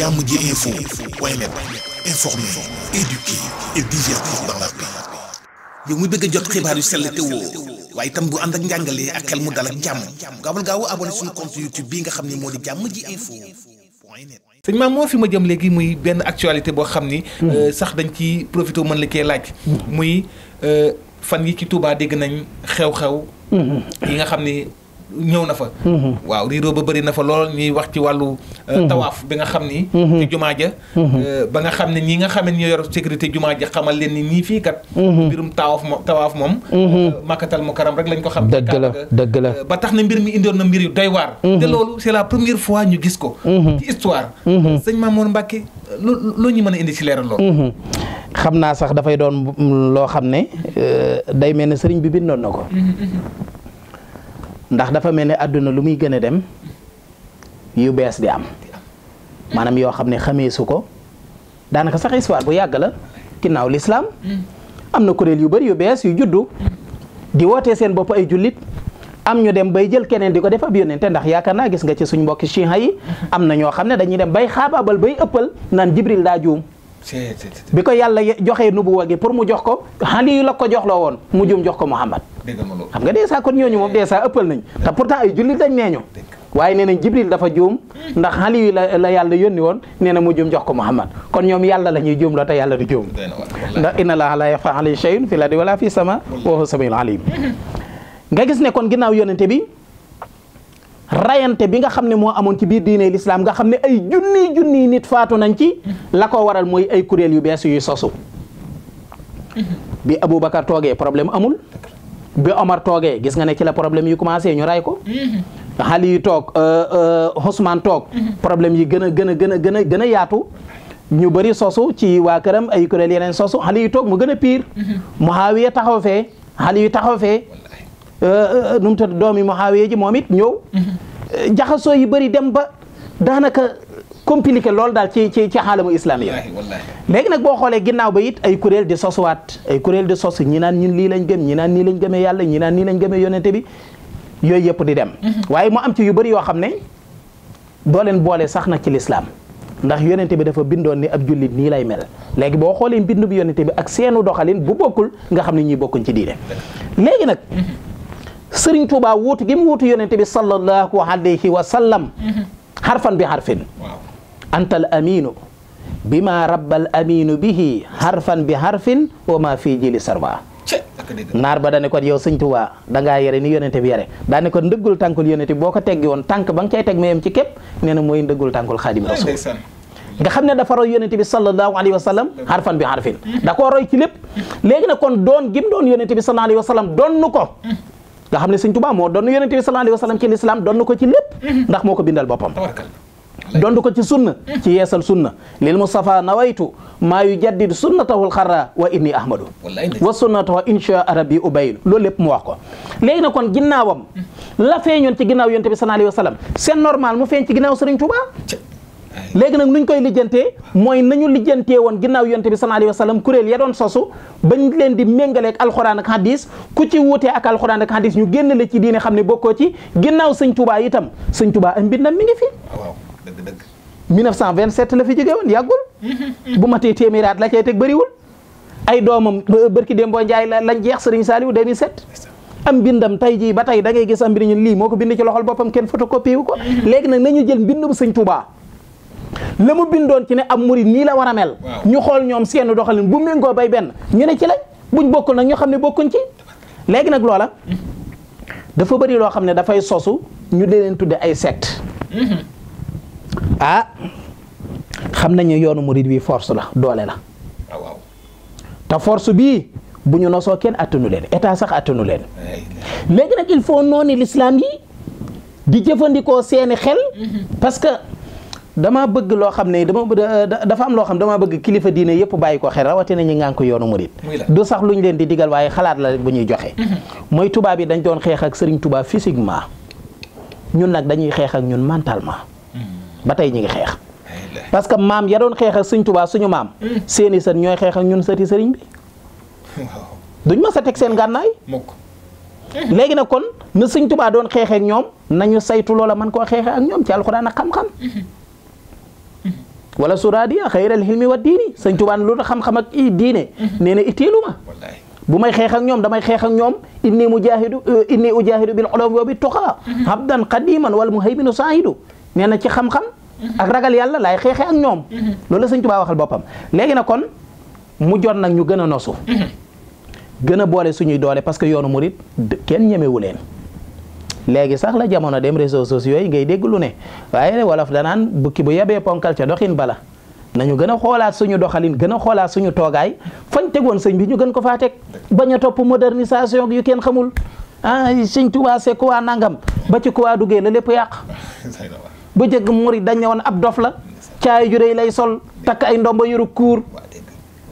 jàmm ji info point net informer, éduquer et divertir dans la paix. yow mi bëgg a jot xibaar yu sell te woo waaye itam bu ànd ak njàngalee ak xel mu dal ak jàmm gaawal gaaw abonné suñu compte YouTube bi nga xam ne moo di jàmm ji info sëñ maam moo fi ma jëm léegi muy benn actualité boo xam ni hmm. euh, sax dañ ci profité mën la koy laaj hmm. muy euh, fan yi ci Touba dégg nañ xew-xew hmm. yi nga xam ni ñëw na fa mhm. waaw riiroo ba bëri na fa lool ñuy wax ci wàllu euh, mhm. tawaaf bi nga xam ni mhm. ci jumaa ja euh, ba nga xam ne ñi nga xam ne ñoo yor sécurité jumaa ja xamal leen ni ñii fii kat mbirum tawaaf moom tawaaf moom màkkatal euh, mu karam rek lañ ko xam dëgg la dëgg la ba tax na mbir mi indoon na mbir yu doy waar te loolu c'est la première fois ñu gis ko ci histoire sëñ Mamour Mbacke loo loo ñu mën a indi ci leeral lool xam naa sax dafay doon mm, loo xam ne day mel ne sëriñ bi bindoon na ko ndax dafa mel ni àdduna lu muy gën a dem yu bees di am maanaam yoo xam ne xamee su ko daanaka sax histoire bu yàgg la ginnaaw lislaam am na kuréel yu bëri yu bees yu juddu di wootee seen bopp ay jullit am ñu dem bay jël keneen di ko def ab yónnente ndax yaakaar naa gis nga ci suñ mbokki chiha yi am na ñoo xam ne dañuy dem bay xaabaabal bay ëppal naan jibril daa juum bi ko yàlla joxee nubuwa gi pour mu jox ko Aliyu la ko joxloo woon mu jum jox ko Muhammad xam nga deesa kon ñooñu moom eh. deesa ëppal nañ te pourtant ay jullit lañ nee ñu waaye nee Jibril dafa juum ndax Aliyu la la yàlla yónni woon nee na mu jum jox ko Muhammad kon ñoom yàlla la ñuy juum la te yàlla du juum ndax inna laaha laa yaxfaa alayhi shay'un fil ardi wala fis samaa'i wa huwa samiul aliim nga gis ne kon ginnaaw yonente bi rayante bi nga xam ne moo amoon ci biir diine lislaam nga xam ne ay junniy junniy nit faatu nañ ci la ko waral mooy ay kuréel yu bees yuy sosu bi Aboubacar toogee problème amul bi Omar toogee gis nga ne ci la problème yu commencé ñu ray ko Ali yu toog euh, euh, Ousmane toog problèmes yi gën a gën a gën a gën a gën a yaatu ñu bëri sosu ci waa këram ay kuréel yeneen sosu Ali yu toog mu gën a pire Muawiya taxaw fee Ali yu taxaw fee Euh, euh, nu doom yi doomi xawee ji moom it ñëw. Mm-hmm. jaxasoo yi bari dem ba daanaka compliqué lool daal ci ci ci xaalamu islam yi. léegi nag boo xoolee ginnaaw ba it ay kuréel di waat ay kuréel di sos ñi naan ñun lii lañ gëm ñi naan nii lañ gëmee yàlla ñi naan nii lañ gëmee yonente bi yooyu yëpp di dem. Mm-hmm. waaye mu am ci yu bëri yoo xam ne doo leen boole sax nag ci lislaam ndax yonente bi dafa bindoon ni ab jullit nii lay mel léegi boo xoolee mbindu bi yonente bi ak seenu doxalin bu bokkul nga xam ne ñuy bokkuñ ci diine léegi nag. Mm-hmm. sëriñ Tuubaa wuutu gi mu wuutu yonente bi sallallahu alayhi wa sallam xarfan mhm. bi xarfin anta al aminu bi ma rabbal aminu bihi xarfan bi xarfin wa ma fii jili sarwa ba dane kon yow sëñ Tuubaa da ngaa yere ni yonente bi yere daane kon ndëggul boo ko teggi woon tànk ba nga cay teg mayem ci képp nee na mooy ndëggul tànkul xaadim rasul nga xam ne dafa roy yonente bi sallallahu alayhi wa sallam bi xarfin mhm. da koo roy ci lépp mhm. léegi kon doon gim doon yonente bi sallallahu alayhi wa sallam ko nga xam ne sëñ Tuubaa moo doon yonente bi sallallahu alayhi wa sallam ci lislaam doon na ko ci lépp ndax moo ko bindal boppam dond ko ci sunna ci yeesal sunna lil Mustafa nawaytu maa yu jaddid sunnatahul xarra wa inni ahmadu wa sunnatahu insha arabi ubaylu loolu lépp mu wax ko léegi na kon ginnaawam la feeñoon ci ginnaaw yonent bi sallallahu alayhi wa sallam c'est normal mu feeñ ci ginnaaw Sëriñ Tuubaa léegi nag nuñ koy lijjante mooy nañu lijjantee woon ginnaaw yonte bi sallallahu alayhi wa kuréel ya doon sosu bañ leen di méngaleeg alxuraan ak hadis ku ci wuutee ak alxuraan ak hadis ñu génne la ci diine xam ne bokkoo ci ginnaaw sëñ Touba itam sëñ Touba am mbindam mi ngi fi. waaw dëgg dëgg. 1927 la fi jóge woon yàggul. bu matee téeméeri at la cay teg bëriwul. ay doomam barki Dembo Ndiaye lañ jeex Serigne Saliou 2007. am bindam tay jii ba tay da ngay gis am mbir ñu lii moo ko bind ci loxol boppam kenn photocopie wu ko. Mm-hmm. léegi nag nañu jël mbindum sëñ Touba. la mu bindoon ci ne ab murid nii la war a ñu xool ñoom seenu doxalin bu méngoo bay benn ñu ne ci lañ buñ bokkul nag ñu xam ne bokkuñ ci. léegi nag loola dafa bëri loo xam ne dafay sosu ñu di leen tudde ay secte ah xam nañu yoonu murid bi force la doole la. Ah, te force bii bu ñu nosoo kenn attanu leen état sax attanu leen léegi nag il faut noonu l'islam yi di jëfandikoo seeni xel mm-hmm. parce que. dama bëgg loo xam ne dama dafa am loo xam dama bëgg kilifa diine yëpp bàyyi ko xel rawatina ñi ngaan ko yoonu murit du sax lu luñ leen di digal waaye xalaat la rek bu ñuy joxe mhm. mooy tubaab yi dañ doon xeex ak sëriñ tubaab physiquement ñun nag dañuy xeex ak ñun mentalement mhm. ba tey ñu ngi xeex parce que maam ya doon xeex ak suñu maam mm. seeni sët ñooy xeex ak ñun sëti sëriñ bi duñ ma sa teg seen gànnaay mhm. léegi nag kon na sëriñ tubaab doon xeexe ak ñoom nañu saytu loola man koo xeexe ak ñoom ci alxuraan ak xam-xam wala suraadiya xayral hilmi wa diini sëñ Tuubaa lu tax xam-xam ak i diine mhm. nee na bu may xeex ak ñoom damay xeex ak ñoom inni mujaahidu euh, inni ujaahidu bil ulumi wa bi tuqaa mhm. habdan qadiman wal muhayminu saahidu nee na ci xam-xam mhm. ak ragal yàlla laay xeexee ak ñoom loolu la sëñ Tuubaa waxal boppam léegi na kon mu jot nag ñu gën a nosu gën a boole suñuy doole parce que yoonu murit kenn ñemewu leen léegi sax la jamono dem réseaux sociaux yi ngay dégg lu ne waaye wolof danaan bukki bu yebee ponkal ca doxin bala nañu gën a xoolaat suñu doxalin gën a xoolaat suñu toogaay fañ tegoon sëñ bi ñu gën ko faa teg bañ a topp modernisation yu kenn xamul ah sëñ Tuubaa c'est quoi nangam ba ci quoi duggee la lépp yàq bu jëgg murid dañ ne woon ab dof la caay ju rëy lay sol takk ay ndomba yuru kuur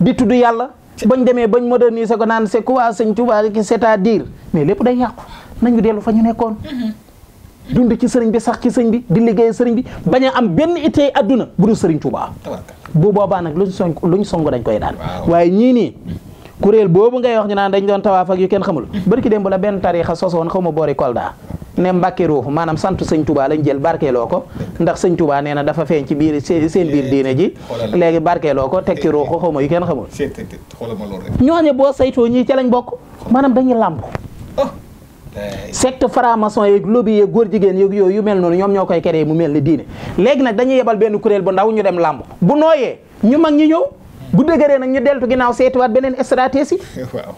di tudd yàlla bañ demee bañ moderniser ko naan c'est quoi sëñ Tuubaa c'est-à-dire mais lépp day yàqu nañu dellu fa ñu nekkoon. dund ci sëriñ bi sax ci sëriñ bi di liggéey sëriñ bi bañ am benn itteey adduna bu dul sëriñ Tuubaa. bu boobaa nag luñ song luñ song dañ koy daan. waaye ñii nii. kuréel boobu ngay wax ñu naan dañ doon tawaaf ak yu kenn xamul. bari ki démb la benn tariixa sosoon xaw ma boori Kolda. ne Mbàkke ruuxu maanaam sant sëñ Touba lañ jël ko ndax sëñ Touba nee na dafa feeñ ci biir seen biir eh, diine ji léegi barkeeloo ko teg ci eh, eh, ruuxu xaw ma yu kenn xamul ñooñe boo saytoo ñii ca lañ bokk maanaam dañuy làmb secte franc-maçon yeeg lobby yeeg góor jigéen yeeg yooyu yu mel noonu ñoom ñoo koy créé mu mel ni diine léegi nag dañuy yebal benn kuréel bu ndaw ñu dem làmb bu nooyee ñu mag ñu ñëw bu dëgëree nag ñu deltu ginnaaw seetiwaat beneen stratégie waaw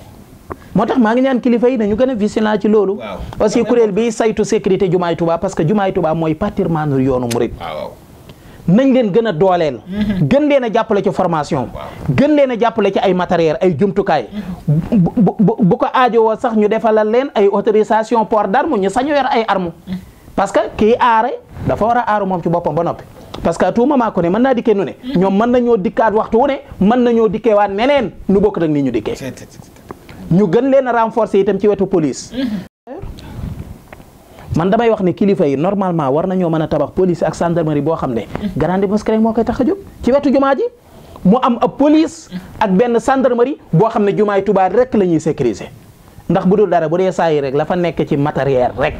moo tax maa ngi ñaan kilifa yi nañu gën a vigilant ci loolu aussi kuréel bi saytu sécurité jumaay Tuubaa parce que jumaay Tuubaa mooy patrimoine yoonu murid nañ leen gën a dooleel. Mm-hmm. gën leen a jàppale ci formation. gën leen a jàppale ci ay matériel ay jumtukaay. Mm-hmm. bu bu bu ko aajowoo sax ñu defalal leen ay autorisation port d'arme ñu sañu yor ay armu mm-hmm. parce que kii aare dafa war a aaru moom ci boppam ba noppi. parce que à tout moment ku ne mën naa dikkee nu ne. ñoom mën nañoo dikkaat waxtu wu ne mën nañoo dikkeewaat neneen nu bokk nag ni ñu dikkee. ñu gën leen a yi itam ci wetu police. man damay wax ne kilifa yi normalement war nañoo mën a tabax police ak gendarmerie boo xam ne. grande mosquée moo koy tax a jóg ci wetu jumaa ji mu am ab police ak benn gendarmerie boo xam ne jumaay tubaab rek la ñuy sécuriser ndax bu dul dara bu dee saa rek la fa nekk ci matériel rek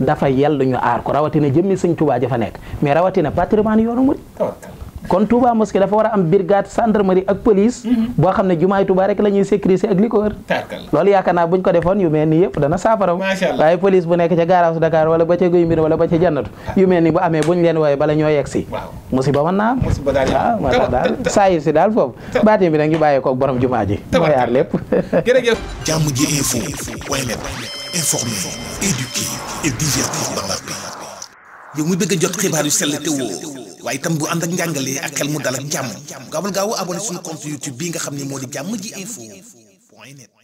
dafa yell ñu aar ko rawatina jëmmi sëñ Tuubaa ja fa nekk mais rawatina patrimoine yoonu murid kon Touba mosquée dafa war a am brigade gendarmerie ak police. Mhm. boo xam ne jumaay Touba rek la ñuy sécuriser ak li ko wër. loolu yaakaar naa buñ ko defoon yu mel nii yëpp dana saafaraw. waaye police bu nekk ca garage Dakar wala ba ca Guy Mbind wala ba ca Jannatu. yu mel ni bu amee buñ leen woowee bala ñoo yegg si. musiba mën naa am. musiba daal waaw moo daal saa yu si daal foofu. baatin bi nag ñu bàyyeekoo ak borom jumaa ji. moo yaar lépp. jërëjëf. jàmm ji info. informer, éduquer et divertir dans a jot waaye tam bu ànd ak njàngale ak xel mu dal ak jàmm gaawal gaaw abonné suñu compte YouTube bii nga xam ne moo di jàmm ji info point net